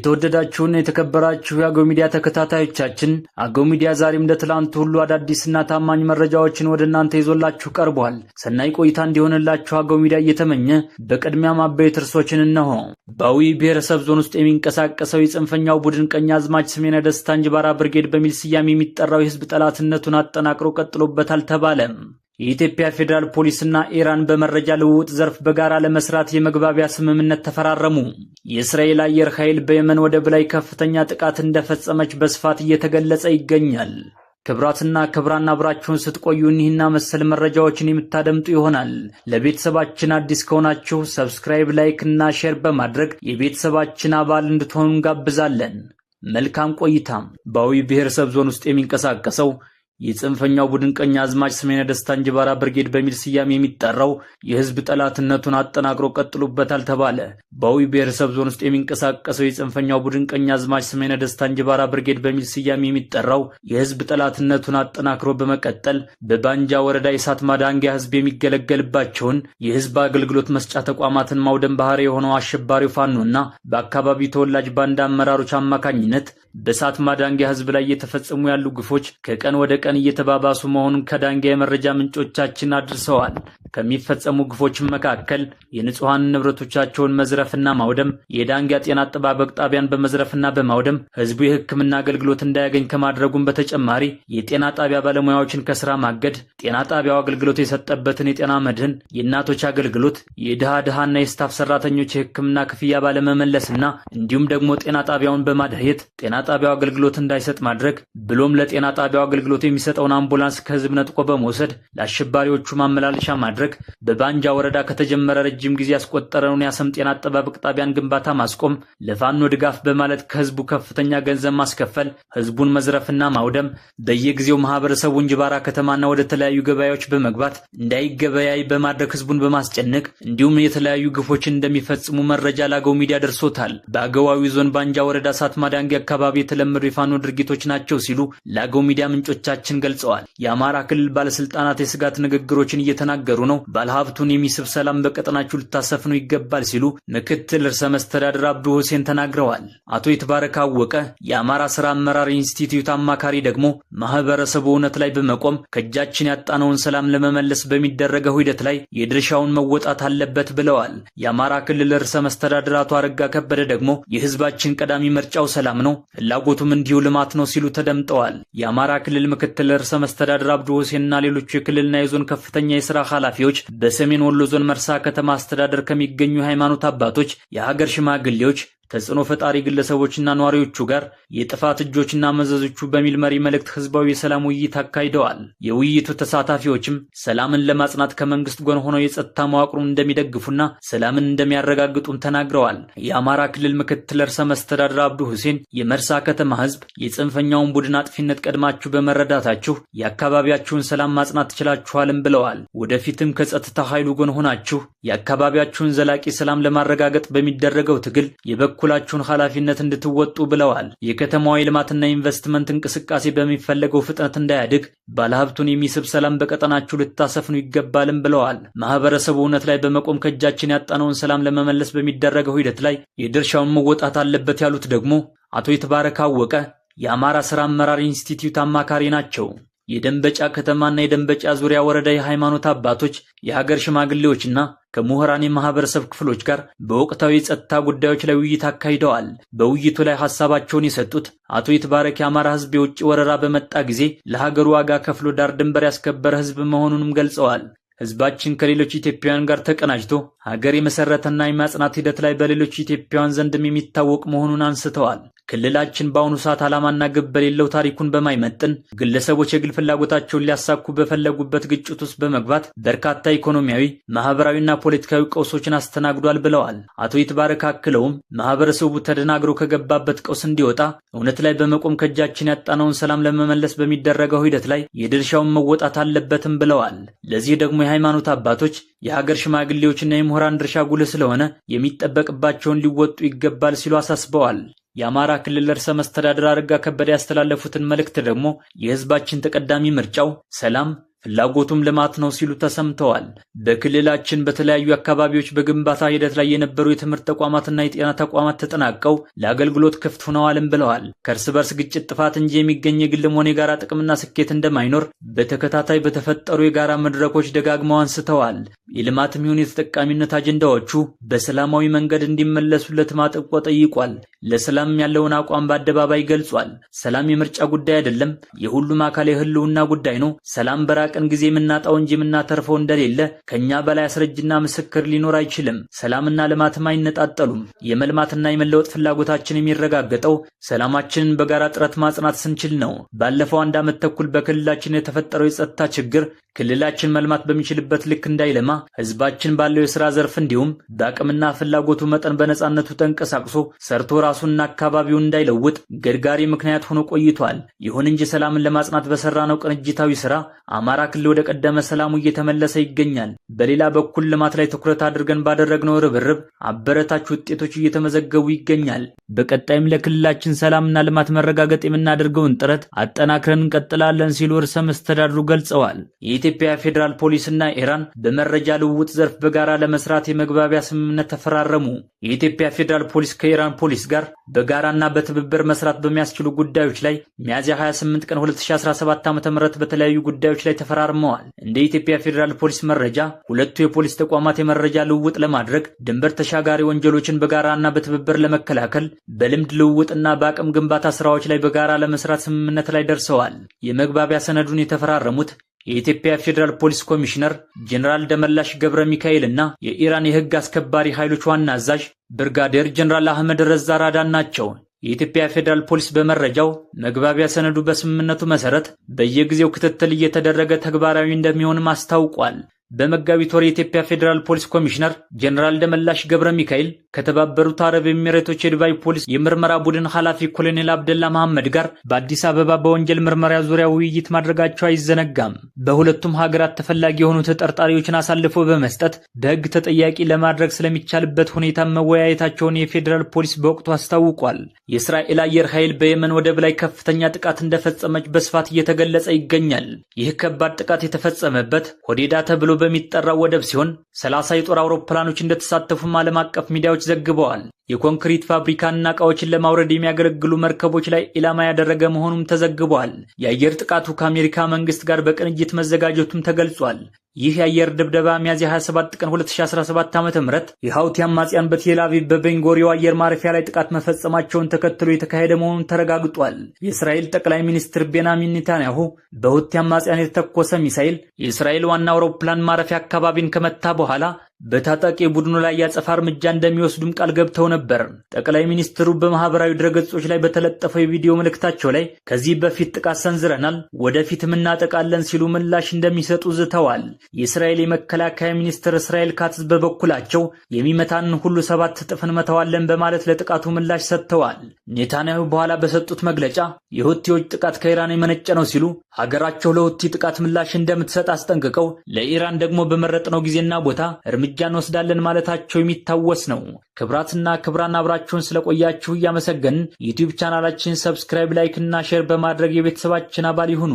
የተወደዳችሁና የተከበራችሁ የአገው ሚዲያ ተከታታዮቻችን አገው ሚዲያ ዛሬም እንደ ትላንቱ ሁሉ አዳዲስና ታማኝ መረጃዎችን ወደ እናንተ ይዞላችሁ ቀርቧል። ሰናይ ቆይታ እንዲሆንላችሁ አገው ሚዲያ እየተመኘ በቅድሚያ አበይት ርዕሶችን እነሆ። በአዊ ብሔረሰብ ዞን ውስጥ የሚንቀሳቀሰው የጽንፈኛው ቡድን አዝማች ስሜነ ደስታ እንጅባራ ብርጌድ በሚል ስያሜ የሚጠራው የህዝብ ጠላትነቱን አጠናቅሮ ቀጥሎበታል ተባለም። የኢትዮጵያ ፌዴራል ፖሊስና ኢራን በመረጃ ልውውጥ ዘርፍ በጋራ ለመስራት የመግባቢያ ስምምነት ተፈራረሙ። የእስራኤል አየር ኃይል በየመን ወደብ ላይ ከፍተኛ ጥቃት እንደፈጸመች በስፋት እየተገለጸ ይገኛል። ክብራትና ክብራን አብራችሁን ስትቆዩ እኒህና መሰል መረጃዎችን የምታደምጡ ይሆናል። ለቤተሰባችን አዲስ ከሆናችሁ ሰብስክራይብ፣ ላይክ እና ሼር በማድረግ የቤተሰባችን አባል እንድትሆኑ እንጋብዛለን። መልካም ቆይታም። በአዊ ብሔረሰብ ዞን ውስጥ የሚንቀሳቀሰው የጽንፈኛው ቡድን ቀኝ አዝማች ስሜነ ደስታ እንጅባራ ብርጌድ በሚል ስያሜ የሚጠራው የህዝብ ጠላትነቱን አጠናክሮ ቀጥሎበታል ተባለ። በአዊ ብሔረሰብ ዞን ውስጥ የሚንቀሳቀሰው የጽንፈኛው ቡድን ቀኝ አዝማች ስሜነ ደስታ እንጅባራ ብርጌድ በሚል ስያሜ የሚጠራው የህዝብ ጠላትነቱን አጠናክሮ በመቀጠል በባንጃ ወረዳ የእሳት ማዳንጊያ ህዝብ የሚገለገልባቸውን የህዝብ አገልግሎት መስጫ ተቋማትን ማውደም ባህሪ የሆነው አሸባሪው ፋኖና በአካባቢው ተወላጅ ባንዳ አመራሮች አማካኝነት በእሳት ማዳንጊያ ህዝብ ላይ እየተፈጸሙ ያሉ ግፎች ከቀን ወደ ቀን እየተባባሱ መሆኑን ከዳንጊያ የመረጃ ምንጮቻችን አድርሰዋል። ከሚፈጸሙ ግፎች መካከል የንጹሐን ንብረቶቻቸውን መዝረፍና ማውደም፣ የዳንጊያ ጤና አጠባበቅ ጣቢያን በመዝረፍና በማውደም ህዝቡ የህክምና አገልግሎት እንዳያገኝ ከማድረጉም በተጨማሪ የጤና ጣቢያ ባለሙያዎችን ከስራ ማገድ፣ ጤና ጣቢያው አገልግሎት የሰጠበትን የጤና መድህን፣ የእናቶች አገልግሎት፣ የድሃ ድሃና የስታፍ ሰራተኞች የህክምና ክፍያ ባለመመለስና እንዲሁም ደግሞ ጤና ጣቢያውን በማድየት ። ጤና ጣቢያው አገልግሎት እንዳይሰጥ ማድረግ ብሎም ለጤና ጣቢያው አገልግሎት የሚሰጠውን አምቡላንስ ከህዝብ ነጥቆ በመውሰድ ለአሸባሪዎቹ ማመላለሻ ማድረግ፣ በባንጃ ወረዳ ከተጀመረ ረጅም ጊዜ ያስቆጠረውን የአሰም ጤና አጠባበቅ ጣቢያን ግንባታ ማስቆም፣ ለፋኖ ድጋፍ በማለት ከህዝቡ ከፍተኛ ገንዘብ ማስከፈል፣ ህዝቡን መዝረፍና ማውደም፣ በየጊዜው ማህበረሰቡ እንጅባራ ከተማና ወደ ተለያዩ ገበያዎች በመግባት እንዳይገበያይ በማድረግ ህዝቡን በማስጨነቅ እንዲሁም የተለያዩ ግፎችን እንደሚፈጽሙ መረጃ ላገው ሚዲያ ደርሶታል። በአገዋዊ ዞን ባንጃ ወረዳ ሳት ማዳንጌ አካባቢ አካባቢ የተለመዱ የፋኖ ድርጊቶች ናቸው ሲሉ ለአገው ሚዲያ ምንጮቻችን ገልጸዋል። የአማራ ክልል ባለስልጣናት የስጋት ንግግሮችን እየተናገሩ ነው። ባለሀብቱን የሚስብ ሰላም በቀጠናችሁ ልታሰፍኑ ይገባል ሲሉ ምክትል ርዕሰ መስተዳድር አብዱ ሁሴን ተናግረዋል። አቶ ይትባረክ አወቀ የአማራ ስራ አመራር ኢንስቲትዩት አማካሪ ደግሞ ማህበረሰቡ እውነት ላይ በመቆም ከእጃችን ያጣነውን ሰላም ለመመለስ በሚደረገው ሂደት ላይ የድርሻውን መወጣት አለበት ብለዋል። የአማራ ክልል ርዕሰ መስተዳድር አቶ አረጋ ከበደ ደግሞ የህዝባችን ቀዳሚ ምርጫው ሰላም ነው፣ ፍላጎቱም እንዲሁ ልማት ነው ሲሉ ተደምጠዋል። የአማራ ክልል ምክትል ርዕሰ መስተዳድር አብዱ ሁሴንና ሌሎቹ የክልልና የዞን ከፍተኛ የስራ ኃላፊዎች በሰሜን ወሎ ዞን መርሳ ከተማ አስተዳደር ከሚገኙ ሃይማኖት አባቶች፣ የሀገር ሽማግሌዎች ተጽዕኖ ፈጣሪ ግለሰቦችና ነዋሪዎቹ ጋር የጥፋት እጆችና መዘዞቹ በሚል መሪ መልእክት ህዝባዊ የሰላም ውይይት አካሂደዋል። የውይይቱ ተሳታፊዎችም ሰላምን ለማጽናት ከመንግስት ጎን ሆነው የጸጥታ መዋቅሩን እንደሚደግፉና ሰላምን እንደሚያረጋግጡም ተናግረዋል። የአማራ ክልል ምክትል ርዕሰ መስተዳድር አብዱ ሁሴን የመርሳ ከተማ ህዝብ የጽንፈኛውን ቡድን አጥፊነት ቀድማችሁ በመረዳታችሁ የአካባቢያችሁን ሰላም ማጽናት ትችላችኋልም ብለዋል። ወደፊትም ከጸጥታ ኃይሉ ጎን ሆናችሁ የአካባቢያችሁን ዘላቂ ሰላም ለማረጋገጥ በሚደረገው ትግል የበኩ የበኩላችሁን ኃላፊነት እንድትወጡ ብለዋል። የከተማዋ የልማትና ኢንቨስትመንት እንቅስቃሴ በሚፈለገው ፍጥነት እንዳያድግ ባለሀብቱን የሚስብ ሰላም በቀጠናችሁ ልታሰፍኑ ይገባልም ብለዋል። ማህበረሰቡ እውነት ላይ በመቆም ከእጃችን ያጣነውን ሰላም ለመመለስ በሚደረገው ሂደት ላይ የድርሻውን መወጣት አለበት ያሉት ደግሞ አቶ የተባረክ አወቀ የአማራ ሥራ አመራር ኢንስቲትዩት አማካሪ ናቸው። የደንበጫ ከተማና የደንበጫ ዙሪያ ወረዳ የሃይማኖት አባቶች፣ የሀገር ሽማግሌዎችና ከምሁራን የማህበረሰብ ክፍሎች ጋር በወቅታዊ የጸጥታ ጉዳዮች ላይ ውይይት አካሂደዋል። በውይይቱ ላይ ሀሳባቸውን የሰጡት አቶ ይትባረክ የአማራ ህዝብ የውጭ ወረራ በመጣ ጊዜ ለሀገሩ ዋጋ ከፍሎ ዳር ድንበር ያስከበረ ህዝብ መሆኑንም ገልጸዋል። ህዝባችን ከሌሎች ኢትዮጵያውያን ጋር ተቀናጅቶ ሀገር የመሰረተና የማጽናት ሂደት ላይ በሌሎች ኢትዮጵያውያን ዘንድም የሚታወቅ መሆኑን አንስተዋል። ክልላችን በአሁኑ ሰዓት ዓላማና ግብ በሌለው ታሪኩን በማይመጥን ግለሰቦች የግል ፍላጎታቸውን ሊያሳኩ በፈለጉበት ግጭት ውስጥ በመግባት በርካታ ኢኮኖሚያዊ፣ ማህበራዊና ፖለቲካዊ ቀውሶችን አስተናግዷል ብለዋል። አቶ ይትባረክ አክለውም ማህበረሰቡ ተደናግሮ ከገባበት ቀውስ እንዲወጣ እውነት ላይ በመቆም ከእጃችን ያጣነውን ሰላም ለመመለስ በሚደረገው ሂደት ላይ የድርሻውን መወጣት አለበትም ብለዋል። ለዚህ ደግሞ የሃይማኖት አባቶች፣ የሀገር ሽማግሌዎችና የምሁራን ድርሻ ጉልህ ስለሆነ የሚጠበቅባቸውን ሊወጡ ይገባል ሲሉ አሳስበዋል። የአማራ ክልል ርዕሰ መስተዳድር አረጋ ከበደ ያስተላለፉትን መልእክት ደግሞ የህዝባችን ተቀዳሚ ምርጫው ሰላም ፍላጎቱም ልማት ነው ሲሉ ተሰምተዋል። በክልላችን በተለያዩ አካባቢዎች በግንባታ ሂደት ላይ የነበሩ የትምህርት ተቋማትና የጤና ተቋማት ተጠናቀው ለአገልግሎት ክፍት ሆነዋልም ብለዋል። ከእርስ በርስ ግጭት ጥፋት እንጂ የሚገኝ የግልም ሆነ የጋራ ጥቅምና ስኬት እንደማይኖር በተከታታይ በተፈጠሩ የጋራ መድረኮች ደጋግመው አንስተዋል። የልማትም ይሁን የተጠቃሚነት አጀንዳዎቹ በሰላማዊ መንገድ እንዲመለሱለት ማጥብቆ ጠይቋል። ለሰላም ያለውን አቋም በአደባባይ ገልጿል። ሰላም የምርጫ ጉዳይ አይደለም፣ የሁሉም አካል የህልውና ጉዳይ ነው። ሰላም በራ ቀን ጊዜ የምናጣው እንጂ የምናተርፈው እንደሌለ ከእኛ በላይ አስረጅና ምስክር ሊኖር አይችልም። ሰላምና ልማትም አይነጣጠሉም። የመልማትና የመለወጥ ፍላጎታችን የሚረጋገጠው ሰላማችንን በጋራ ጥረት ማጽናት ስንችል ነው። ባለፈው አንድ ዓመት ተኩል በክልላችን የተፈጠረው የጸጥታ ችግር ክልላችን መልማት በሚችልበት ልክ እንዳይለማ ህዝባችን ባለው የሥራ ዘርፍ እንዲሁም በአቅምና ፍላጎቱ መጠን በነፃነቱ ተንቀሳቅሶ ሰርቶ ራሱና አካባቢውን እንዳይለውጥ ገድጋሪ ምክንያት ሆኖ ቆይቷል። ይሁን እንጂ ሰላምን ለማጽናት በሠራነው ቅንጅታዊ ሥራ አማራ ክልል ወደ ቀደመ ሰላሙ እየተመለሰ ይገኛል። በሌላ በኩል ልማት ላይ ትኩረት አድርገን ባደረግነው ርብርብ አበረታች ውጤቶች እየተመዘገቡ ይገኛል። በቀጣይም ለክልላችን ሰላምና ልማት መረጋገጥ የምናደርገውን ጥረት አጠናክረን እንቀጥላለን ሲሉ እርሰ መስተዳድሩ ገልጸዋል። የኢትዮጵያ ፌዴራል ፖሊስና ኢራን በመረጃ ልውውጥ ዘርፍ በጋራ ለመስራት የመግባቢያ ስምምነት ተፈራረሙ። የኢትዮጵያ ፌዴራል ፖሊስ ከኢራን ፖሊስ ጋር በጋራና በትብብር መስራት በሚያስችሉ ጉዳዮች ላይ ሚያዝያ 28 ቀን 2017 ዓ.ም በተለያዩ ጉዳዮች ሰነዶች ላይ ተፈራርመዋል። እንደ ኢትዮጵያ ፌዴራል ፖሊስ መረጃ ሁለቱ የፖሊስ ተቋማት የመረጃ ልውውጥ ለማድረግ ድንበር ተሻጋሪ ወንጀሎችን በጋራና በትብብር ለመከላከል በልምድ ልውውጥና በአቅም ግንባታ ስራዎች ላይ በጋራ ለመስራት ስምምነት ላይ ደርሰዋል። የመግባቢያ ሰነዱን የተፈራረሙት የኢትዮጵያ ፌዴራል ፖሊስ ኮሚሽነር ጀኔራል ደመላሽ ገብረ ሚካኤል እና የኢራን የህግ አስከባሪ ኃይሎች ዋና አዛዥ ብርጋዴር ጀኔራል አህመድ ረዛ ራዳን ናቸው። የኢትዮጵያ ፌዴራል ፖሊስ በመረጃው መግባቢያ ሰነዱ በስምምነቱ መሰረት በየጊዜው ክትትል እየተደረገ ተግባራዊ እንደሚሆንም አስታውቋል። በመጋቢት ወር የኢትዮጵያ ፌዴራል ፖሊስ ኮሚሽነር ጀኔራል ደመላሽ ገብረ ሚካኤል ከተባበሩት አረብ ኤሚሬቶች የዱባይ ፖሊስ የምርመራ ቡድን ኃላፊ ኮሎኔል አብደላ መሐመድ ጋር በአዲስ አበባ በወንጀል ምርመራ ዙሪያ ውይይት ማድረጋቸው አይዘነጋም። በሁለቱም ሀገራት ተፈላጊ የሆኑ ተጠርጣሪዎችን አሳልፎ በመስጠት በሕግ ተጠያቂ ለማድረግ ስለሚቻልበት ሁኔታ መወያየታቸውን የፌዴራል ፖሊስ በወቅቱ አስታውቋል። የእስራኤል አየር ኃይል በየመን ወደብ ላይ ከፍተኛ ጥቃት እንደፈጸመች በስፋት እየተገለጸ ይገኛል። ይህ ከባድ ጥቃት የተፈጸመበት ሆዴዳ ተብሎ በሚጠራው ወደብ ሲሆን 30 የጦር አውሮፕላኖች እንደተሳተፉም ዓለም አቀፍ ሚዲያዎች ዘግበዋል። የኮንክሪት ፋብሪካና እቃዎችን ለማውረድ የሚያገለግሉ መርከቦች ላይ ኢላማ ያደረገ መሆኑም ተዘግበዋል። የአየር ጥቃቱ ከአሜሪካ መንግስት ጋር በቅንጅት መዘጋጀቱም ተገልጿል። ይህ የአየር ድብደባ ሚያዝያ 27 ቀን 2017 ዓ ም የሐውቲ አማጽያን በቴል አቪቭ በቤንጎሪዮ አየር ማረፊያ ላይ ጥቃት መፈጸማቸውን ተከትሎ የተካሄደ መሆኑን ተረጋግጧል። የእስራኤል ጠቅላይ ሚኒስትር ቤንያሚን ኔታንያሁ በሁቲ አማጽያን የተተኮሰ ሚሳይል የእስራኤል ዋና አውሮፕላን ማረፊያ አካባቢን ከመታ በኋላ በታጣቂ ቡድኑ ላይ ያጸፋ እርምጃ እንደሚወስዱም ቃል ገብተው ነበር። ጠቅላይ ሚኒስትሩ በማህበራዊ ድረገጾች ላይ በተለጠፈው የቪዲዮ መልእክታቸው ላይ ከዚህ በፊት ጥቃት ሰንዝረናል፣ ወደፊትም እናጠቃለን ሲሉ ምላሽ እንደሚሰጡ ዝተዋል። የእስራኤል የመከላከያ ሚኒስትር እስራኤል ካትዝ በበኩላቸው የሚመታን ሁሉ ሰባት እጥፍ እንመታዋለን በማለት ለጥቃቱ ምላሽ ሰጥተዋል። ኔታንያሁ በኋላ በሰጡት መግለጫ የሁቲዎች ጥቃት ከኢራን የመነጨ ነው ሲሉ ሀገራቸው ለሁቲ ጥቃት ምላሽ እንደምትሰጥ አስጠንቅቀው ለኢራን ደግሞ በመረጥነው ጊዜና ቦታ እርምጃ እርምጃ እንወስዳለን ማለታቸው የሚታወስ ነው። ክብራትና ክብራን አብራችሁን ስለቆያችሁ እያመሰገን ዩቲዩብ ቻናላችን ሰብስክራይብ፣ ላይክ እና ሼር በማድረግ የቤተሰባችን አባል ይሁኑ።